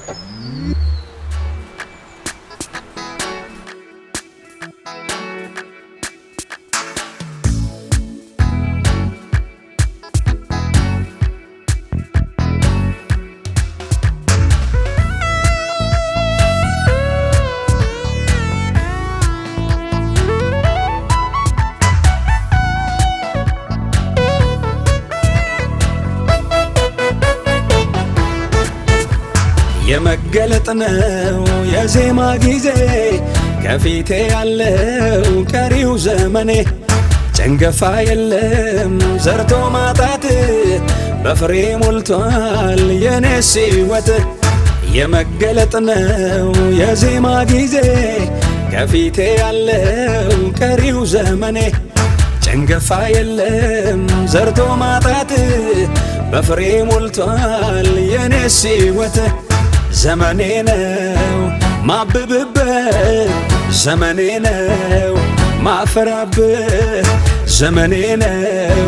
Thank you. የመገለጥ ነው የዜማ ጊዜ ከፊቴ ያለው ቀሪው ዘመኔ ጭንገፋ የለም ዘርቶ ማጣት በፍሬ ሞልቷል የኔ ሕይወት የመገለጥ ነው የዜማ ጊዜ ከፊቴ ያለው ቀሪው ዘመኔ ጭንገፋ የለም ዘርቶ ማጣት በፍሬ ሞልቷል የኔ ሕይወት ዘመኔ ነው ማብብበት ዘመኔ ነው ማፈራበት ዘመኔ ነው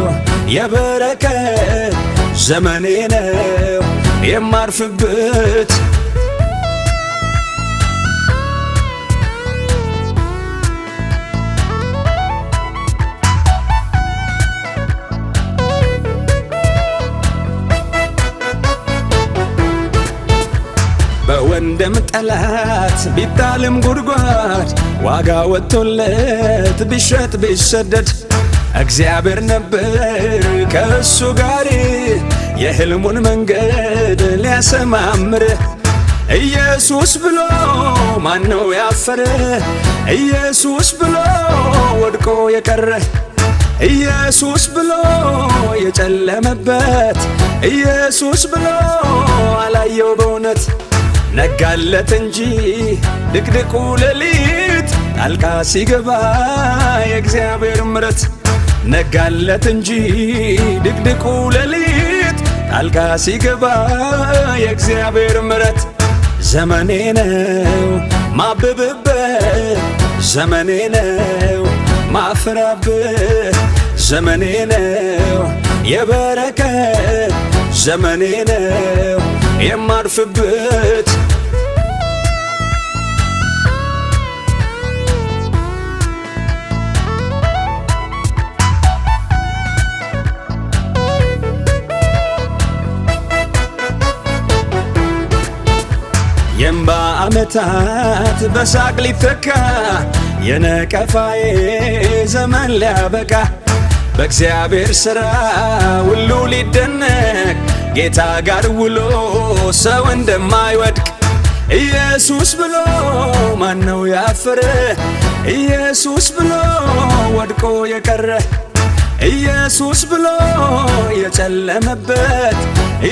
የበረከት ዘመኔ ነው የማርፍበት ቢወድቅም ጠላት ቢጣልም ጉድጓድ ዋጋ ወጥቶለት ቢሸጥ ቢሰደድ እግዚአብሔር ነበር ከእሱ ጋር የህልሙን መንገድ ሊያሰማምር ኢየሱስ ብሎ ማነው ያፈረ? ኢየሱስ ብሎ ወድቆ የቀረ ኢየሱስ ብሎ የጨለመበት ኢየሱስ ብሎ አላየው በእውነት ነጋለት እንጂ ድቅድቁ ሌሊት ጣልቃ ሲገባ የእግዚአብሔር ምረት ነጋለት እንጂ ድቅድቁ ሌሊት ጣልቃ ሲገባ የእግዚአብሔር ምረት ዘመኔ ነው ማብብበት ዘመኔ ነው ማፍራብህ ዘመኔ ነው የበረከት ዘመኔ ነው የማርፍበት የእምባ ዓመታት በሳቅ ሊተካ የነቀፋዬ ዘመን ሊያበቃ በእግዚአብሔር ሥራ ሁሉ ሊደነቅ ጌታ ጋር ውሎ ሰው እንደማይወድቅ ኢየሱስ ብሎ ማን ነው ያፈረ? ኢየሱስ ብሎ ወድቆ የቀረ ኢየሱስ ብሎ የጨለመበት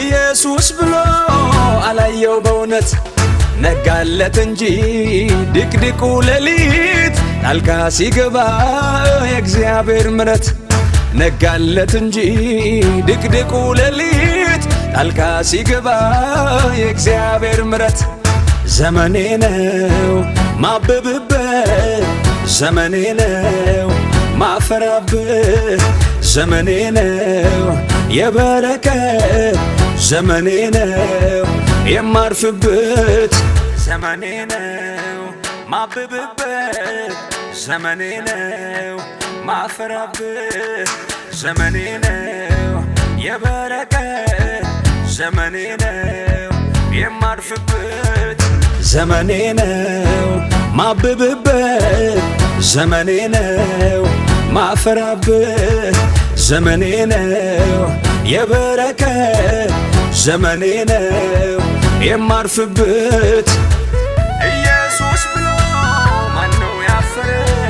ኢየሱስ ብሎ አላየው በእውነት ነጋለት እንጂ ድቅድቁ ሌሊት ጣልቃ ሲገባ የእግዚአብሔር ምረት ነጋለት እንጂ ድቅድቁ ሌሊት ጣልቃ ሲገባ የእግዚአብሔር ምረት ዘመኔ ነው ማብብበት ዘመኔ ነው ማፈራበት ዘመኔ ነው የበረከት ዘመኔ ነው የማርፍበት ዘመኔ ነው ማብብበት ዘመኔ ነው ማፈራበት ዘመኔ ነው የበረከት ዘመኔ ነው የማርፍበት ዘመኔ ነው ማብብበት ዘመኔ ነው ማፈራበት ዘመኔ ነው የበረከት ዘመኔ ነው የማርፍበት ኢየሱስ ብሎ ማነው ያፈረ?